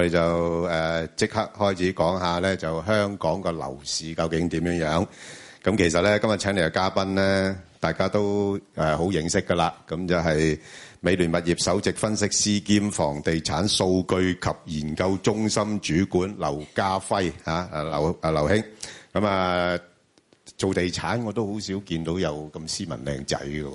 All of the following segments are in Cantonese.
我哋就誒即刻開始講下咧，就香港個樓市究竟點樣樣？咁其實咧今日請嚟嘅嘉賓咧，大家都誒好認識噶啦。咁就係美聯物業首席分析師兼房地產數據及研究中心主管劉嘉輝啊，劉啊劉兄。咁啊做地產我都好少見到有咁斯文靚仔嘅。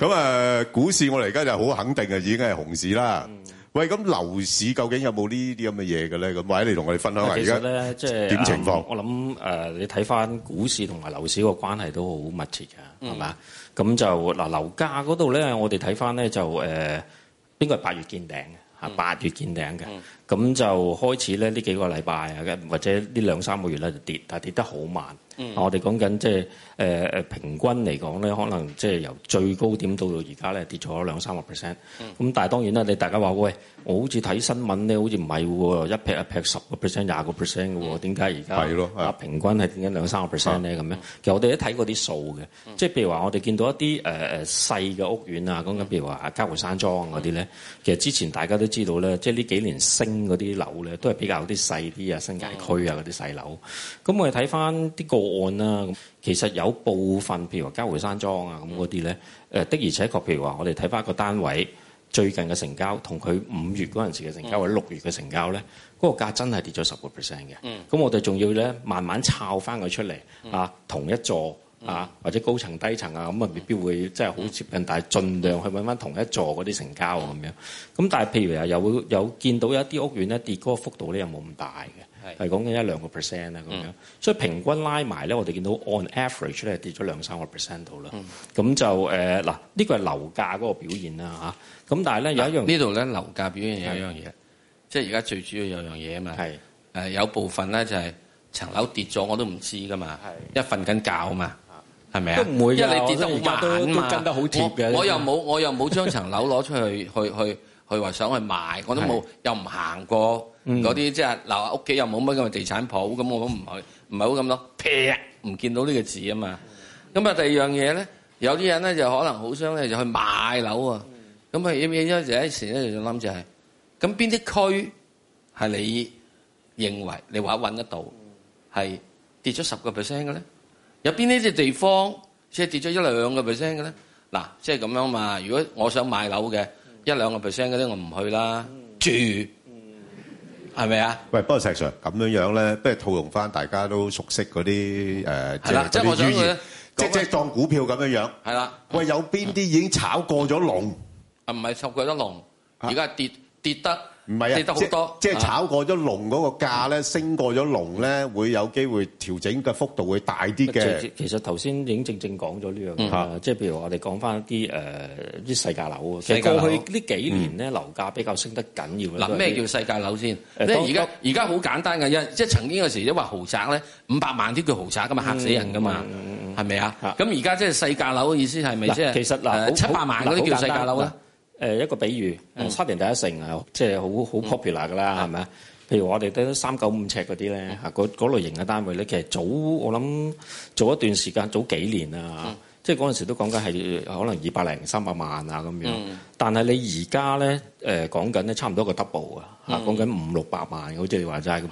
咁啊，股市我哋而家就好肯定啊，已經係熊市啦。喂，咁樓市究竟有冇呢啲咁嘅嘢嘅咧？咁或者你同我哋分享下而家即係點情況、呃？我諗誒、呃，你睇翻股市同埋樓市個關係都好密切㗎，係嘛、嗯？咁就嗱樓價嗰度咧，我哋睇翻咧就誒，應該係八月見頂？八、嗯、月見頂嘅，咁、嗯、就開始咧呢幾個禮拜啊，或者呢兩三個月咧就跌，但係跌得好慢。嗯、我哋講緊即係。誒誒、呃、平均嚟講咧，可能即係由最高點到到而家咧跌咗兩三個 percent。咁、嗯、但係當然啦，你大家話喂，我好似睇新聞咧，好似唔係喎，一劈一劈，十個 percent、廿個 percent 嘅喎，點解而家係囉，平均係點解兩三個 percent 咧？咁樣、嗯、其實我哋都睇過啲數嘅，即係譬如話我哋見到一啲誒誒細嘅屋苑啊，咁樣譬如話嘉湖山莊嗰啲咧，嗯、其實之前大家都知道咧，即係呢幾年升嗰啲樓咧，都係比較啲細啲啊新界區啊嗰啲細樓。咁、嗯、我哋睇翻啲個案啦，其實有。有部分譬如話嘉湖山莊啊咁嗰啲咧，誒、嗯、的而且確譬如話，我哋睇翻個單位最近嘅成交，同佢五月嗰陣時嘅成交，嗯、或者六月嘅成交咧，嗰、嗰個價真係跌咗十個 percent 嘅。咁、嗯、我哋仲要咧慢慢抄翻佢出嚟啊，同一座啊或者高層低層啊，咁啊未必會即係好接近，嗯、但係儘量去揾翻同一座嗰啲成交咁樣。咁、嗯、但係譬如啊，有有見到有一啲屋苑咧跌嗰個幅度咧，又冇咁大嘅。係講緊一兩個 percent 啦，咁樣，所以平均拉埋咧，我哋見到 on average 咧跌咗兩三個 percent 度啦。咁就誒嗱，呢個係樓價嗰個表現啦嚇。咁但係咧有一樣，呢度咧樓價表現有一樣嘢，即係而家最主要有樣嘢啊嘛。係誒有部分咧就係層樓跌咗我都唔知㗎嘛，一瞓緊覺啊嘛，係咪啊？都唔會嘅，我而家都跟得好貼嘅。我又冇我又冇將層樓攞出去去去去話想去賣，我都冇又唔行過。嗰啲即係嗱，屋企又冇乜咁嘅地產鋪，咁我都唔去，唔係好咁咯。劈唔見到呢個字啊嘛。咁啊、嗯，第二樣嘢咧，有啲人咧就可能好想咧，就去買樓啊。咁啊、嗯，因為就一時咧就諗住係、是，咁邊啲區係你認為你話搵得到，係、嗯、跌咗十個 percent 嘅咧？有邊啲地方即係跌咗一兩個 percent 嘅咧？嗱，即係咁樣嘛。如果我想買樓嘅一兩個 percent 嗰啲，1, 我唔去啦，嗯、住。係咪啊？是不是喂，不過石 Sir 咁樣樣咧，不如套用翻大家都熟悉嗰啲誒，即係嗰啲語言，即即當股票咁樣樣。係啦的，喂，有邊啲已經炒過咗龍？不是了龍啊，唔係炒過咗龍，而家係跌跌得。唔係啊，即係炒過咗龍嗰個價呢，升過咗龍呢，會有機會調整嘅幅度會大啲嘅。其實頭先已經正正講咗呢樣啦，即係譬如我哋講返一啲細價樓啊。過去呢幾年呢，樓價比較升得緊要啦。嗱，咩叫細價樓先？即係而家好簡單嘅，一即曾經嗰時一話豪宅呢，五百萬都叫豪宅，咁嚇死人㗎嘛，係咪啊？咁而家即係細價樓嘅意思係咪即係？其實七百萬嗰啲叫細價樓呢誒、呃、一個比喻，嗯、七年第一城啊，即係好好 popular 㗎啦，係咪啊？吧譬如我哋得三九五尺嗰啲咧，嗰嗰、嗯、類型嘅單位咧，其實早我諗早一段時間，早幾年啊，嗯、即係嗰陣時都講緊係可能二百零三百萬啊咁樣。嗯、但係你而家咧誒講緊咧，呃、差唔多個個 double 啊、嗯，嚇講緊五六百萬，好似你話齋咁。咁、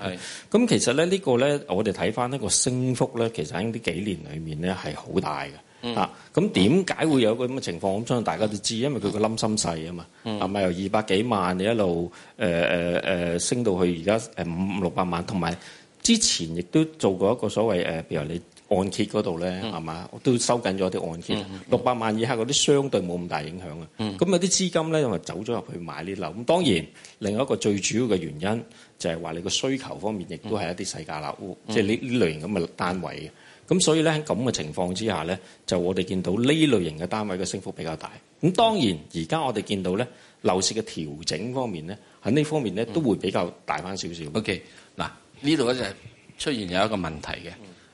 嗯、其實咧呢、這個咧，我哋睇翻呢個升幅咧，其實喺呢幾年裏面咧係好大嘅。嗯、啊，咁點解會有個咁嘅情況？我相信大家都知道，因為佢個冧心細啊嘛。啊、嗯，咪由二百幾萬你一路誒誒升到去而家誒五六百萬，同埋、嗯、之前亦都做過一個所謂誒，譬、呃、如你按揭嗰度咧，係嘛、嗯、都收緊咗啲按揭六百萬以下嗰啲，相對冇咁大影響啊。咁、嗯、有啲資金咧，因為走咗入去買呢啲樓。咁當然另外一個最主要嘅原因就係、是、話你個需求方面亦都係一啲細價樓，即係呢呢類型咁嘅單位。嗯咁所以咧，喺咁嘅情況之下咧，就我哋見到呢類型嘅單位嘅升幅比較大。咁當然而家我哋見到咧樓市嘅調整方面咧，喺呢方面咧都會比較大翻少少。OK 嗱，呢度咧就出現有一個問題嘅，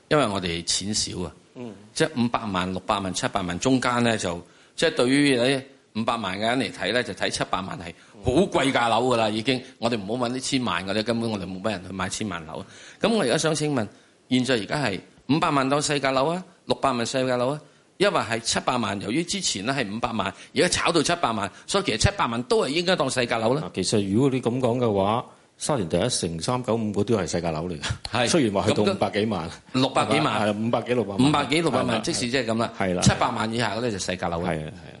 因為我哋錢少啊、嗯，即係五百萬、六百萬、七百萬中間咧就即係對於呢五百萬嘅人嚟睇咧，就睇七百萬係好貴價樓噶啦。已經我哋唔好搵啲千萬嘅咧，根本我哋冇乜人去買千萬樓。咁我而家想請問，現在而家係？五百萬當細價樓啊，六百萬細價樓啊，因為係七百萬。由於之前咧係五百萬，而家炒到七百萬，所以其實七百萬都係應該當細價樓啦、啊。其實如果你咁講嘅話，沙田第一城三九五嗰啲係細價樓嚟、啊、嘅，是雖然話去到五百那 幾萬，六百幾萬係五百幾六百，五百幾六百萬，萬是是即使即係咁啦，七百萬以下咧就細價樓。係啊係啊，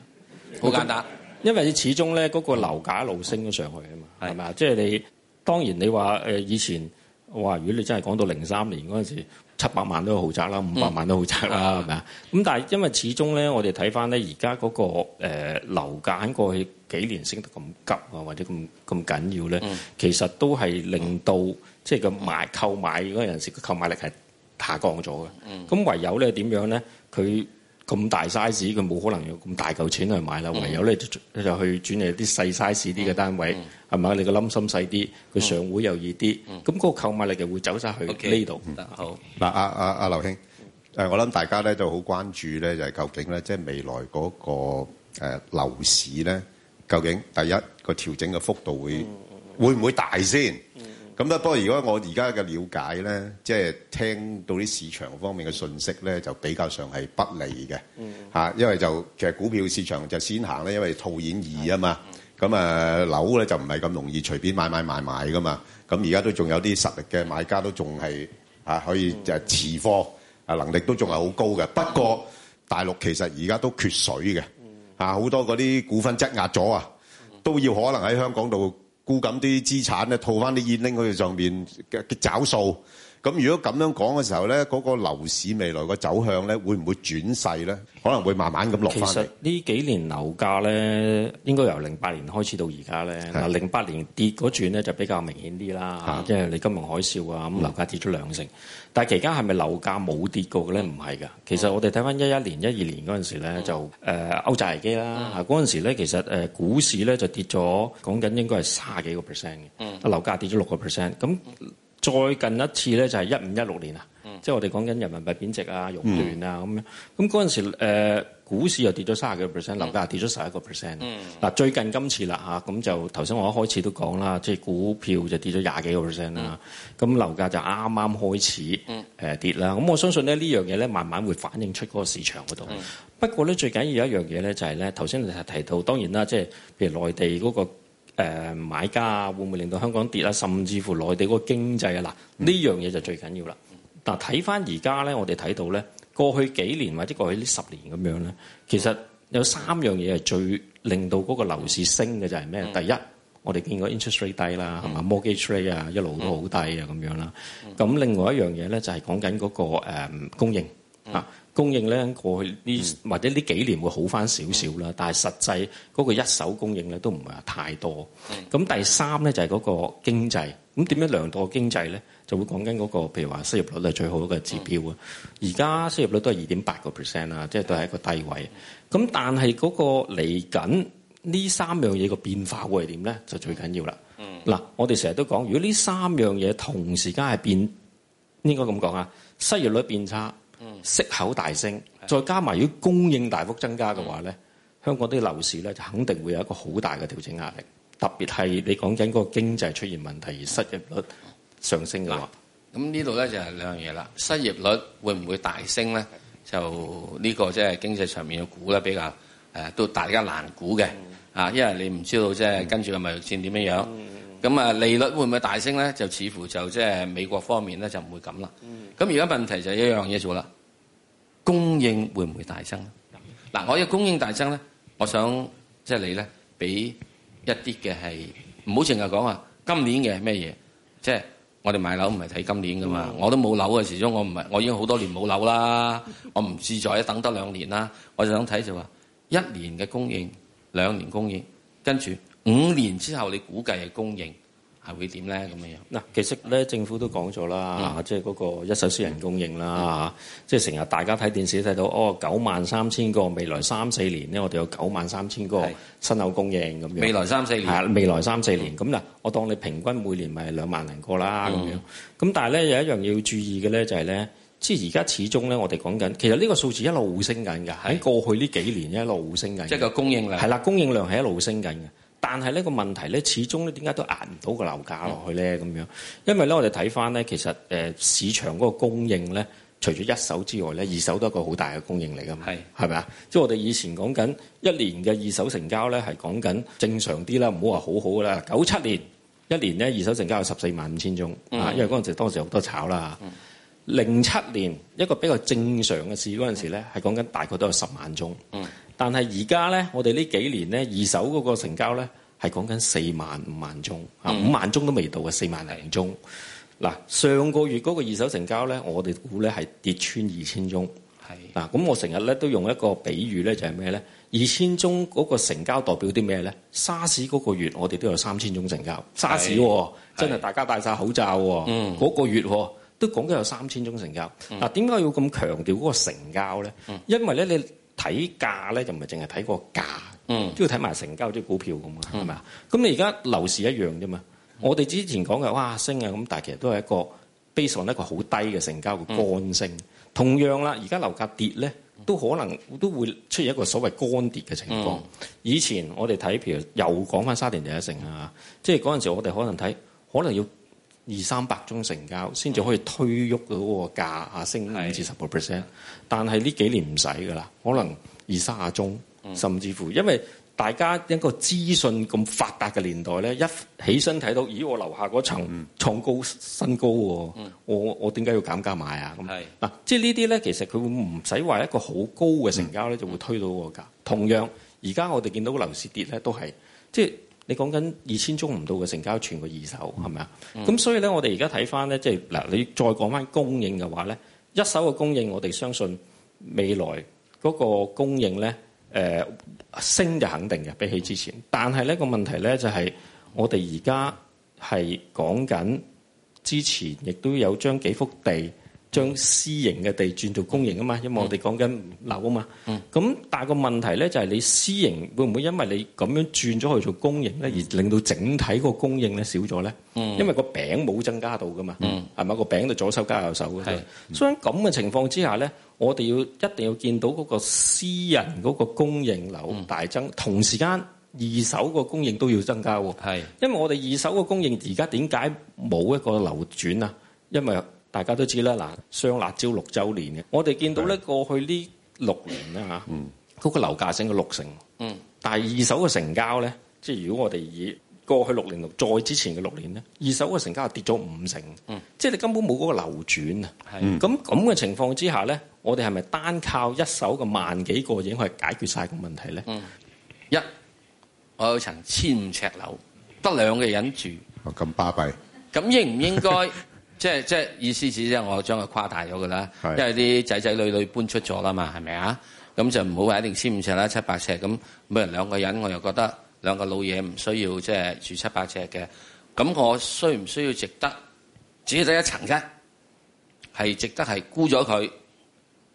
好簡單，因為始終咧個樓價一路升咗上去啊嘛，係咪即係你當然你話誒、呃、以前哇、呃，如果你真係講到零三年嗰陣時候。七百萬都豪宅啦，五百萬都豪宅啦，係咪啊？咁吧吧、嗯、但係因為始終咧，我哋睇返咧，而家嗰個誒樓價喺過去幾年升得咁急啊，或者咁咁緊要咧，嗯、其實都係令到、嗯、即係個買購買嗰陣時嘅購買力係下降咗嘅。咁、嗯、唯有咧點樣咧，佢。咁大 size 佢冇可能有咁大嚿錢去買啦，嗯、唯有咧就去轉嚟啲細 size 啲嘅單位，係咪、嗯嗯、你個冧心細啲，佢、嗯、上會又易啲，咁、嗯、嗰個購買力就會走晒去呢度。好嗱，阿阿阿劉兄，我諗大家咧就好關注咧，就係究竟咧，即係未來嗰、嗰個誒樓、呃、市咧，究竟第一、這個調整嘅幅度會、嗯、會唔會大先？嗯咁咧，不過如果我而家嘅了解咧，即係聽到啲市場方面嘅信息咧，就比較上係不利嘅、嗯、因為就其實股票市場就先行咧，因為套現易啊嘛。咁啊、嗯，樓、嗯、咧就唔係咁容易隨便買買賣賣噶嘛。咁而家都仲有啲實力嘅買家都仲係可以就係持貨啊，嗯、能力都仲係好高嘅。不過、嗯、大陸其實而家都缺水嘅好、嗯、多嗰啲股份質押咗啊，都要可能喺香港度。顧緊啲資產咧，套翻啲現拎去上面嘅嘅找數。咁如果咁樣講嘅時候咧，嗰、那個樓市未來個走向咧，會唔會轉勢咧？可能會慢慢咁落翻嚟。其實呢幾年樓價咧，應該由零八年開始到而家咧，嗱零八年跌嗰轉咧就比較明顯啲啦，即係是、啊就是、你金融海嘯啊，咁樓價跌咗兩成。嗯、但係期間係咪樓價冇跌過嘅咧？唔係㗎。其實我哋睇翻一一年、一二年嗰陣時咧，嗯、就誒歐債危機啦，嗰陣、嗯、時咧其實誒、呃、股市咧就跌咗，講緊應該係卅幾個 percent 嘅，樓價、嗯、跌咗六個 percent。咁再近一次咧就係一五一六年啊，嗯、即係我哋講緊人民幣貶值啊、熔斷啊咁樣。咁嗰陣時、呃、股市又跌咗三十幾個 percent，樓價跌咗十一個 percent。嗱、嗯、最近今次啦嚇，咁就頭先我一開始都講啦，即、就、係、是、股票就跌咗廿幾個 percent 啦，咁、嗯、樓價就啱啱開始誒跌啦。咁、嗯、我相信咧呢樣嘢咧慢慢會反映出嗰個市場嗰度。嗯、不過咧最緊要一樣嘢咧就係咧頭先你係提到，當然啦，即、就、係、是、譬如內地嗰、那個。誒、呃、買家啊，會唔會令到香港跌啊？甚至乎內地嗰個經濟啊，嗱呢樣嘢就最緊要啦。嗱，睇翻而家咧，我哋睇到咧，過去幾年或者過去呢十年咁樣咧，其實有三樣嘢係最令到嗰個樓市升嘅就係、是、咩？嗯、第一，我哋見過 interest rate 低啦，係嘛，mortgage rate 啊，一路都好低啊咁樣啦。咁、嗯、另外一樣嘢咧就係講緊嗰個、呃、供應啊。嗯供應咧，過去呢，或者呢幾年會好翻少少啦，嗯、但係實際嗰、那個一手供應咧都唔係話太多。咁、嗯、第三咧就係、是、嗰個經濟，咁點樣量度經濟咧，就會講緊嗰個譬如話失業率係最好嘅指標啊。而家、嗯、失業率都係二點八個 percent 啦，即係都係一個低位。咁、嗯、但係嗰、那個嚟緊呢三樣嘢嘅變化會係點咧？就最緊要、嗯、啦。嗱，我哋成日都講，如果呢三樣嘢同時間係變，應該咁講啊，失業率變差。息口大升，再加埋如果供應大幅增加嘅話咧，嗯、香港啲樓市咧就肯定會有一個好大嘅調整壓力。特別係你講緊嗰個經濟出現問題而失業率上升嘅話，咁、嗯、呢度咧就係、是、兩樣嘢啦。失業率會唔會大升咧？就呢、這個即係經濟上面嘅估咧比較誒、呃、都大家難估嘅啊，嗯、因為你唔知道即係、就是、跟住個貿易戰點樣樣。嗯嗯咁啊，利率會唔會大升咧？就似乎就即係、就是、美國方面咧，就唔會咁啦。咁而家問題就係一樣嘢做啦，供應會唔會大增？嗱、嗯，我要供應大增咧，我想即係你咧，俾一啲嘅係唔好淨係講話，今年嘅咩嘢？即係我哋買樓唔係睇今年噶嘛，嗯、我都冇樓啊，始終我唔係，我已經好多年冇樓啦，我唔自在等得兩年啦，我就想睇就話一年嘅供應，兩年供應，跟住。五年之後，你估計嘅供應係會點咧？咁樣樣嗱，其實咧政府都講咗啦，即係嗰個一手私人供應啦，即係成日大家睇電視睇到哦，九萬三千個未來三四年咧，我哋有九萬三千個新樓供應咁樣。未來三四年，係啊，未來三四年咁嗱，我當你平均每年咪兩萬零個啦咁樣。咁但係咧有一樣嘢要注意嘅咧就係咧，即係而家始終咧我哋講緊，其實呢個數字一路升緊㗎，喺過去呢幾年一路升緊。即係個供應量係啦，供應量係一路升緊嘅。但係呢個問題咧，始終咧點解都壓唔到個樓價落去咧？咁樣、嗯，因為咧我哋睇翻咧，其實、呃、市場嗰個供應咧，除咗一手之外咧，嗯、二手都係一個好大嘅供應嚟噶嘛，係咪啊？即係、就是、我哋以前講緊一年嘅二手成交咧，係講緊正常啲啦，唔好話好好啦。嗯、九七年一年咧二手成交有十四萬五千宗，啊、嗯，因為嗰陣時當時好多炒啦。嗯、零七年一個比較正常嘅市嗰陣時咧，係講緊大概都有十萬宗。嗯但係而家咧，我哋呢幾年咧，二手嗰個成交咧，係講緊四萬五萬宗，啊、嗯、五萬宗都未到嘅四萬零宗。嗱，上個月嗰個二手成交咧，我哋估咧係跌穿二千宗。係嗱是，咁、啊、我成日咧都用一個比喻咧，就係咩咧？二千宗嗰個成交代表啲咩咧？沙士嗰個月，我哋都有三千宗成交。是沙士、哦、是真係大家戴晒口罩、哦，嗰、嗯、個月、哦、都講緊有三千宗成交。嗱、嗯，點解、啊、要咁強調嗰個成交咧？嗯、因為咧，你睇價咧就唔係淨係睇個價，都、嗯、要睇埋成交啲股、就是、票咁啊，係咪啊？咁、嗯、你而家樓市一樣啫嘛。我哋之前講嘅哇升啊咁，但係其實都係一個 based on 一個好低嘅成交嘅乾升。嗯、同樣啦，而家樓價跌咧，都可能都會出現一個所謂乾跌嘅情況。嗯、以前我哋睇譬如又講返沙田第一城啊，嗯、即係嗰陣時我哋可能睇可能要。二三百宗成交先至可以推喐到嗰個價啊，升五至十個 percent。是但係呢幾年唔使㗎啦，可能二三十宗，嗯、甚至乎，因為大家一個資訊咁發達嘅年代咧，一起身睇到，咦，我樓下嗰層創高新高喎、啊嗯，我我點解要減價買啊？咁是、啊、即係呢啲咧，其實佢會唔使話一個好高嘅成交咧，嗯、就會推到嗰個價。嗯、同樣，而家我哋見到個樓市跌咧，都係即係。你講緊二千宗唔到嘅成交，全個二手係咪啊？咁、嗯、所以咧，我哋而家睇翻咧，即係嗱，你再講翻供應嘅話咧，一手嘅供應，我哋相信未來嗰個供應咧，誒、呃、升就肯定嘅，比起之前。嗯、但係呢、呢個問題咧就係、是，我哋而家係講緊之前，亦都有將幾幅地。將私營嘅地轉做公營啊嘛，因為我哋講緊樓啊嘛。嗯。咁但係個問題咧，就係你私營會唔會因為你咁樣轉咗去做公營咧，而令到整體嗰個供應咧少咗咧？因為個餅冇增加到噶嘛，嗯。係咪個餅就左手加右手嘅？係。所以咁嘅情況之下咧，我哋要一定要見到嗰個私人嗰個供應樓大增，嗯。同時間二手個供應都要增加喎。係。因為我哋二手個供應而家點解冇一個流轉啊？因為大家都知啦，嗱，雙辣招六周年嘅，我哋見到咧過去呢六年咧嚇，嗰個樓價升咗六成，嗯、但係二手嘅成交咧，即係如果我哋以過去六年六再之前嘅六年咧，二手嘅成交係跌咗五成，嗯、即係你根本冇嗰個流轉啊。咁咁嘅情況之下咧，我哋係咪單靠一手嘅萬幾個已經可以解決晒個問題咧？嗯、一我有層千尺樓得兩個人住，我咁巴閉，咁應唔應該？ 即係即係意思指即係我將佢誇大咗㗎啦，是因為啲仔仔女女搬出咗啦嘛，係咪啊？咁就唔好話一定千五尺啦，七八尺咁，每人兩個人，我又覺得兩個老嘢唔需要即係、就是、住七八尺嘅，咁我需唔需要值得只要得一層啫？係值得係估咗佢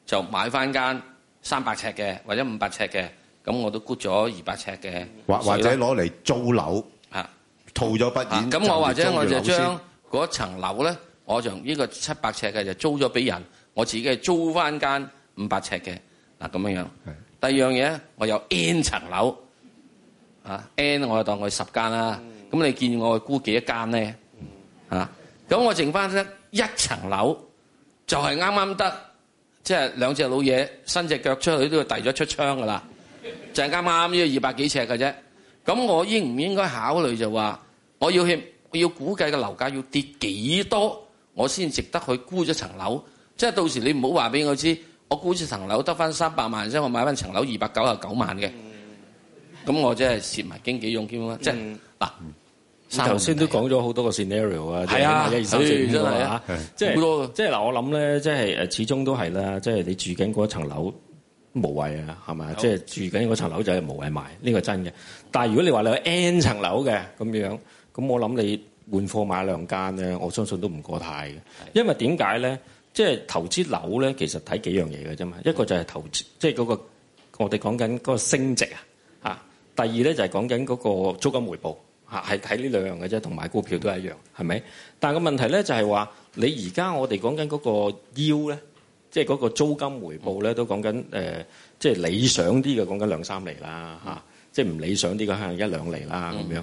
就買翻間三百尺嘅或者五百尺嘅，咁我都估咗二百尺嘅，或或者攞嚟以租樓啊，套咗筆錢咁、啊、我或者我就將嗰層樓咧。我就呢個七百尺嘅就租咗俾人，我自己係租返間五百尺嘅，嗱咁樣樣。第二樣嘢咧，我有 n 層樓是，n 我就當佢十間啦，咁、嗯、你見我估幾多間咧？嚇、嗯，咁我剩返得一層樓，就係啱啱得，即係兩隻老嘢伸隻腳出去都要遞咗出窗㗎啦，就係啱啱呢個二百幾尺嘅啫。咁我應唔應該考慮就話，我要去我要估計個樓價要跌幾多？我先值得去沽咗層樓，即係到時你唔好話俾我知，我沽咗層樓得翻三百萬，即係我買翻層樓二百九十九萬嘅，咁我真係蝕埋經紀用添啦。即係嗱，你頭先都講咗好多個 scenario 啊，係啊，好多嘅，即係嗱，我諗咧，即係誒，始終都係啦，即係你住緊嗰層樓無謂啊，係咪？即係住緊嗰層樓就係無謂賣，呢個真嘅。但係如果你話你有 N 層樓嘅咁樣，咁我諗你。換貨買兩間咧，我相信都唔過太嘅，因為點解咧？即係投資樓咧，其實睇幾樣嘢嘅啫嘛。嗯、一個就係投資，即係嗰個我哋講緊嗰個升值啊，第二咧就係講緊嗰個租金回報啊，係睇呢兩樣嘅啫，同買股票都係一樣，係咪、嗯？但個問題咧就係話，你而家我哋講緊嗰個腰咧，即係嗰個租金回報咧，嗯、都講緊誒，即、呃就係、理想啲嘅講緊兩三厘啦，嚇、嗯！即係唔理想啲嘅係一兩、就係、厘啦，咁樣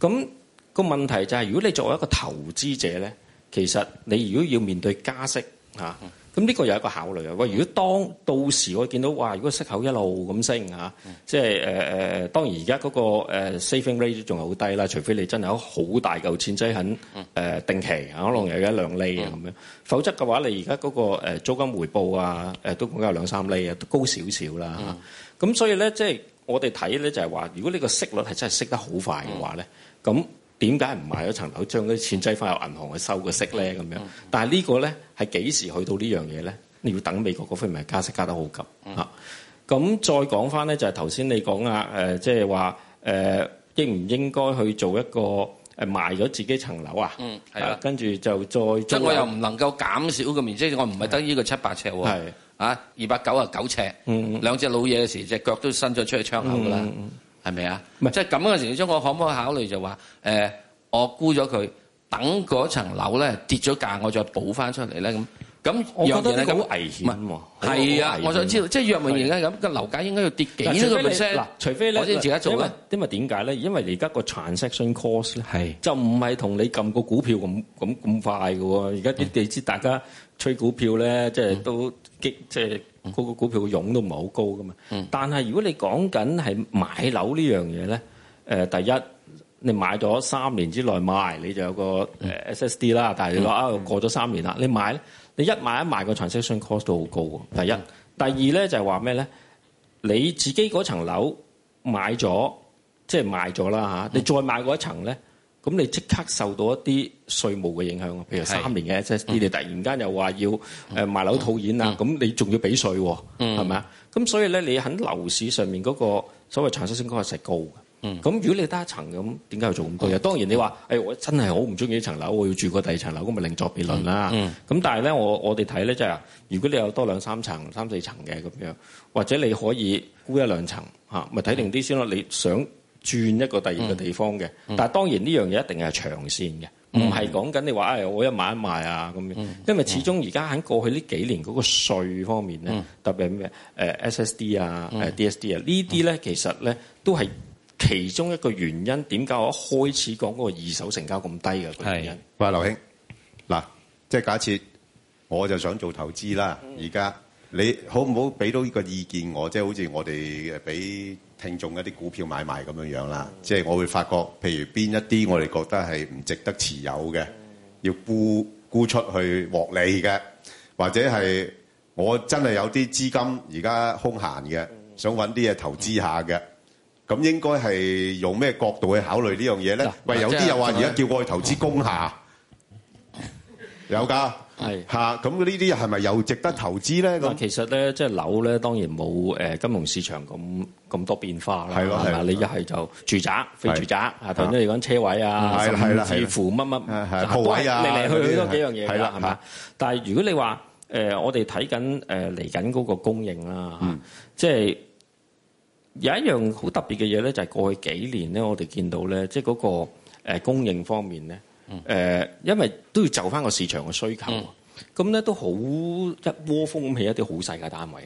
咁。嗯個問題就係、是，如果你作為一個投資者咧，其實你如果要面對加息嚇，咁呢、嗯啊、個有一個考慮啊。喂，如果當、嗯、到時我見到哇，如果息口一路咁升嚇，即係誒誒，當然而家嗰個、呃、saving rate 仲係好低啦，除非你真係有好大嚿錢擠緊誒定期，可能有一兩厘咁、嗯、樣。嗯、否則嘅話，你而家嗰個、呃、租金回報啊，誒都應該有兩三厘都、嗯、啊，高少少啦，咁所以咧，即、就、係、是、我哋睇咧就係話，如果呢個息率係真係升得好快嘅話咧，咁、嗯。點解唔賣咗層樓，將啲錢擠翻入銀行去收息呢、嗯嗯、個息咧？咁樣，但係呢個咧係幾時去到呢樣嘢咧？你要等美國嗰方面加息加得好急嚇。咁、嗯啊、再講翻咧，就係頭先你講啊、呃，即係話誒，應唔應該去做一個誒賣咗自己層樓啊？嗯，跟住、啊、就再即我又唔能夠減少個面積，是的 我唔係得呢個七八尺喎，是的 啊，二百九啊九尺，兩隻、嗯、老嘢嘅時隻腳都伸咗出去窗口㗎啦。嗯嗯嗯。係咪啊？即係咁嘅情況中，我可唔可以考慮就話誒，我沽咗佢，等嗰層樓咧跌咗價，我再補翻出嚟咧？咁咁，我覺得呢個好危險。係啊，我想知道，即係若然係咁，個樓價應該要跌幾多個 percent？除非你先自己做啦。因為點解咧？因為而家個 transaction cost 咧，就唔係同你撳個股票咁咁咁快嘅喎。而家啲地知大家吹股票咧，即係都激即係。嗰個、嗯、股票嘅佣都唔係好高㗎嘛，嗯、但係如果你講緊係買樓呢樣嘢咧，誒、呃、第一你買咗三年之內賣你就有個誒 SSD 啦，嗯、但係你話啊、嗯、過咗三年啦，你買咧你一買一賣個 transaction cost 都好高喎。第一，嗯、第二咧就係話咩咧？你自己嗰層樓買咗即係賣咗啦嚇，你再買過一層咧？咁你即刻受到一啲稅務嘅影響，譬如三年嘅是，即係你哋突然間又話要誒賣樓套現啊，咁、嗯、你仲要俾稅喎，係咪啊？咁所以咧，你喺樓市上面嗰個所謂產生升高係實高嘅。咁、嗯、如果你得一層咁，點解要做咁多嘢？嗯、當然你話誒、哎，我真係好唔中意呢層樓，我要住個第二層樓，咁咪另作別論啦。咁、嗯嗯、但係咧，我我哋睇咧就係、是、如果你有多兩三層、三四層嘅咁樣，或者你可以沽一兩層嚇，咪睇定啲先咯。你想？轉一個第二個地方嘅，但係當然呢樣嘢一定係長線嘅，唔係講緊你話啊我一買一賣啊咁樣，因為始終而家喺過去呢幾年嗰個稅方面咧，特別係咩誒 SSD 啊誒 DSD 啊呢啲咧，其實咧都係其中一個原因，點解我一開始講嗰個二手成交咁低嘅原因？喂，劉兄，嗱，即係假設我就想做投資啦，而家你好唔好俾到呢個意見我？即係好似我哋俾聽眾一啲股票買賣咁樣樣啦，即係我會發覺，譬如邊一啲我哋覺得係唔值得持有嘅，要沽沽出去獲利嘅，或者係我真係有啲資金而家空閒嘅，想揾啲嘢投資下嘅，咁應該係用咩角度去考慮呢樣嘢咧？喂，有啲又話而家叫我去投資工廈，有㗎。係吓，咁呢啲係咪又值得投資咧？咁其實咧，即係樓咧，當然冇誒金融市場咁咁多變化啦。係咯係，你一係就住宅非住宅啊，同你講車位啊，甚至乎乜乜，舖位啊，嚟嚟去去多幾樣嘢啦。係嘛？但係如果你話誒，我哋睇緊誒嚟緊嗰個供應啦，即係有一樣好特別嘅嘢咧，就係過去幾年咧，我哋見到咧，即係嗰個誒供應方面咧。誒，嗯、因為都要就翻個市場嘅需求，咁咧、嗯、都好一窩蜂咁起一啲好細嘅單位，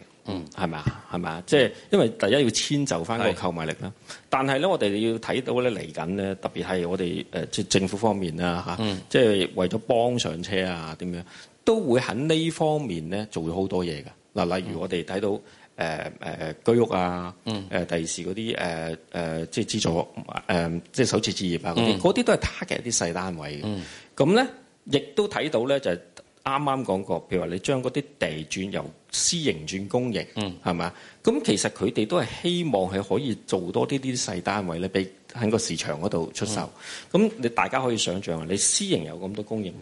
係咪啊？係咪啊？即係、就是、因為第一要遷就翻個購買力啦，是但係咧我哋要睇到咧嚟緊咧，特別係我哋誒即係政府方面、嗯、啊嚇，即、就、係、是、為咗幫上車啊點樣？都會喺呢方面咧做咗好多嘢㗎嗱，例如我哋睇到、嗯。誒誒、呃呃、居屋啊，誒、嗯呃、第二是嗰啲誒誒即係資助誒、呃、即係首次置業啊嗰啲，嗯、嗰啲都係 target 嘅一啲細單位咁咧、嗯、亦都睇到咧，就啱啱講過，譬如話你將嗰啲地轉由私營轉公營，係咪、嗯？咁其實佢哋都係希望係可以做多啲啲細單位咧，俾喺個市場嗰度出售。咁、嗯、你大家可以想像啊，你私營有咁多，公營有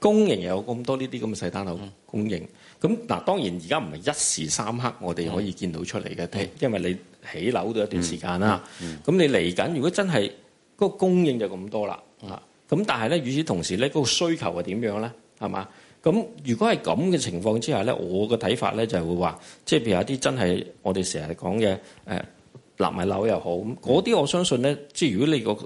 咁多呢啲呢啲公營，公營有咁多呢啲咁嘅細單位供應。咁嗱，當然而家唔係一時三刻，我哋可以見到出嚟嘅。嗯、因為你起樓都一段時間啦，咁、嗯嗯、你嚟緊，如果真係、個供應就咁多啦咁、嗯、但係咧，與此同時咧，個需求係點樣咧？係嘛？咁如果係咁嘅情況之下咧，我嘅睇法咧就係、是、會話，即係譬如有啲真係我哋成日講嘅誒，納米樓又好，嗰啲我相信咧，即係如果你個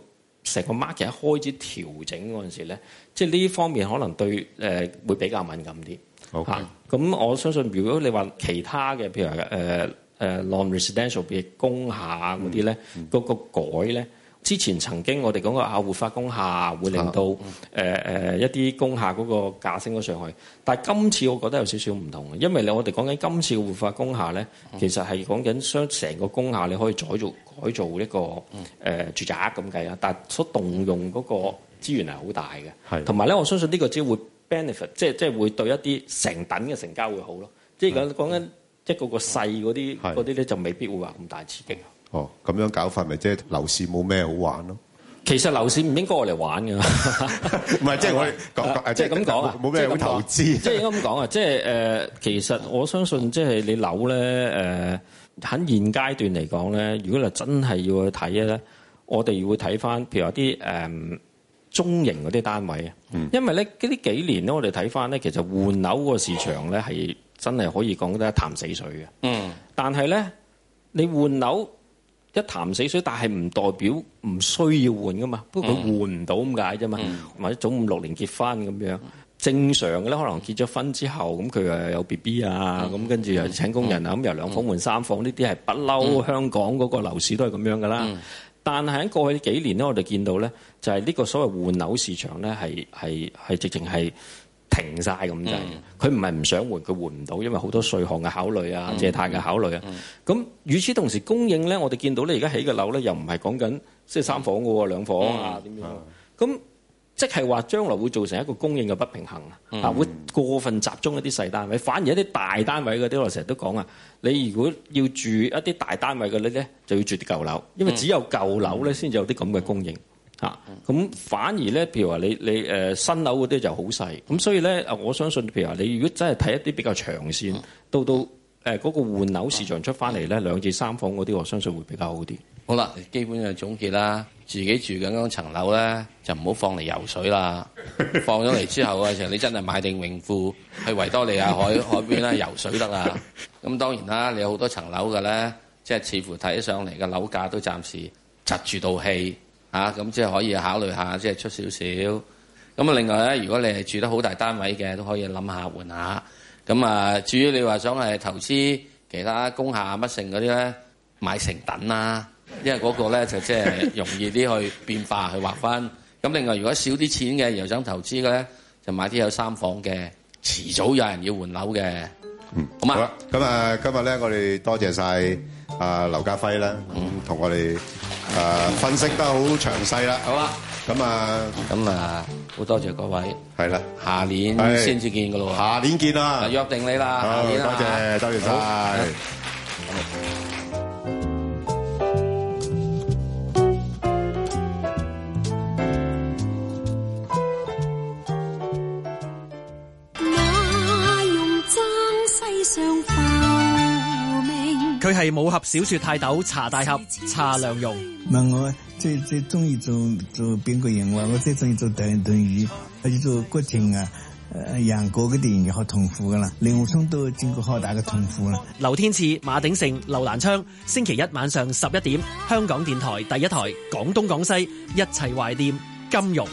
成個 market 開始調整嗰時咧，即係呢方面可能對誒、呃、會比較敏感啲。嚇！咁 Okay.、嗯、我相信，如果你話其他嘅，譬如誒誒 non-residential 譬如工廈嗰啲咧，嗰、嗯嗯、個改咧，之前曾經我哋講過活化工廈會令到誒誒、嗯呃呃、一啲工廈嗰個價升咗上去，但係今次我覺得有少少唔同，因為你我哋講緊今次嘅活化工廈咧，嗯、其實係講緊將成個工廈你可以造改造改做一個誒、嗯呃、住宅咁計啊，但係所動用嗰個資源係好大嘅，同埋咧我相信呢個只會。benefit 即係即係會對一啲成等嘅成交會好咯，嗯嗯、即係講講緊一係嗰個細嗰啲嗰啲咧就未必會話咁大刺激。哦，咁樣搞法咪即係樓市冇咩好玩咯？其實樓市唔應該我嚟玩㗎。唔係即係我講，即係咁講，冇咩好投資。即係應該咁講啊，即係誒，其實我相信即係你樓咧誒，喺現階段嚟講咧，如果係真係要去睇咧，我哋會睇翻譬如一啲誒。呃中型嗰啲單位啊，嗯、因為咧呢幾年咧，我哋睇翻咧，其實換樓嗰個市場咧係真係可以講得一潭死水嘅。嗯，但係咧你換樓一潭死水，但係唔代表唔需要換噶嘛，不過佢換唔到咁解啫嘛，嗯、或者早五六年結婚咁樣，嗯、正常咧可能結咗婚之後咁佢又有 B B 啊，咁、嗯、跟住又請工人啊，咁、嗯、由兩房換三房，呢啲係不嬲香港嗰個樓市都係咁樣噶啦。嗯嗯但係喺過去幾年咧，我哋見到咧，就係呢個所謂換樓市場咧，係係係直情係停晒咁滯。佢唔係唔想換，佢換唔到，因為好多稅項嘅考慮啊、借貸嘅考慮啊。咁、mm hmm. 與此同時，供應咧，我哋見到咧，而家起嘅樓咧，又唔係講緊即係三房嘅喎，mm hmm. 兩房、mm hmm. 啊，點樣咁。Mm hmm. 即係話將來會造成一個供應嘅不平衡，啊會過分集中一啲細單位，反而一啲大單位嗰啲，我成日都講啊，你如果要住一啲大單位嘅，你咧，就要住啲舊樓，因為只有舊樓咧先有啲咁嘅供應，嚇、嗯。咁反而咧，譬如話你你誒新樓嗰啲就好細。咁所以咧，我相信譬如話你如果真係睇一啲比較長線，到到誒嗰個換樓市場出翻嚟咧，兩至三房嗰啲，我相信會比較好啲。好啦，基本上總結啦，自己住緊嗰層樓咧，就唔好放嚟游水啦。放咗嚟之後嘅時候， 你真係買定泳褲去維多利亞海海邊啦，游水得啦。咁當然啦，你有好多層樓嘅咧，即係似乎睇上嚟嘅樓價都暫時窒住到氣嚇，咁、啊、即係可以考慮下，即係出少少。咁啊，另外咧，如果你係住得好大單位嘅，都可以諗下換下。咁啊，至於你話想係投資其他工廈乜性嗰啲咧，買成等啦。因為嗰個咧就即係容易啲去變化去劃分。咁另外如果少啲錢嘅又想投資嘅咧，就買啲有三房嘅，遲早有人要換樓嘅。嗯，好嘛。好啦，咁啊今日咧我哋多謝晒啊劉家輝啦，咁同我哋啊分析得好詳細啦，好啊。咁啊，咁啊，好多謝各位。係啦，下年先至見噶咯喎。下年見啦，約定你啦。下年啦。多謝多謝晒！佢係武俠小說泰斗查大俠查良鏞。問我最最中意做做邊個人？我最中意做段段譽、做郭靖啊，楊過嘅電影好痛苦噶啦，令狐沖都經過好大嘅痛苦啦。劉天賜、馬鼎盛、劉蘭昌，星期一晚上十一點，香港電台第一台，廣東廣西一齊懷念金庸。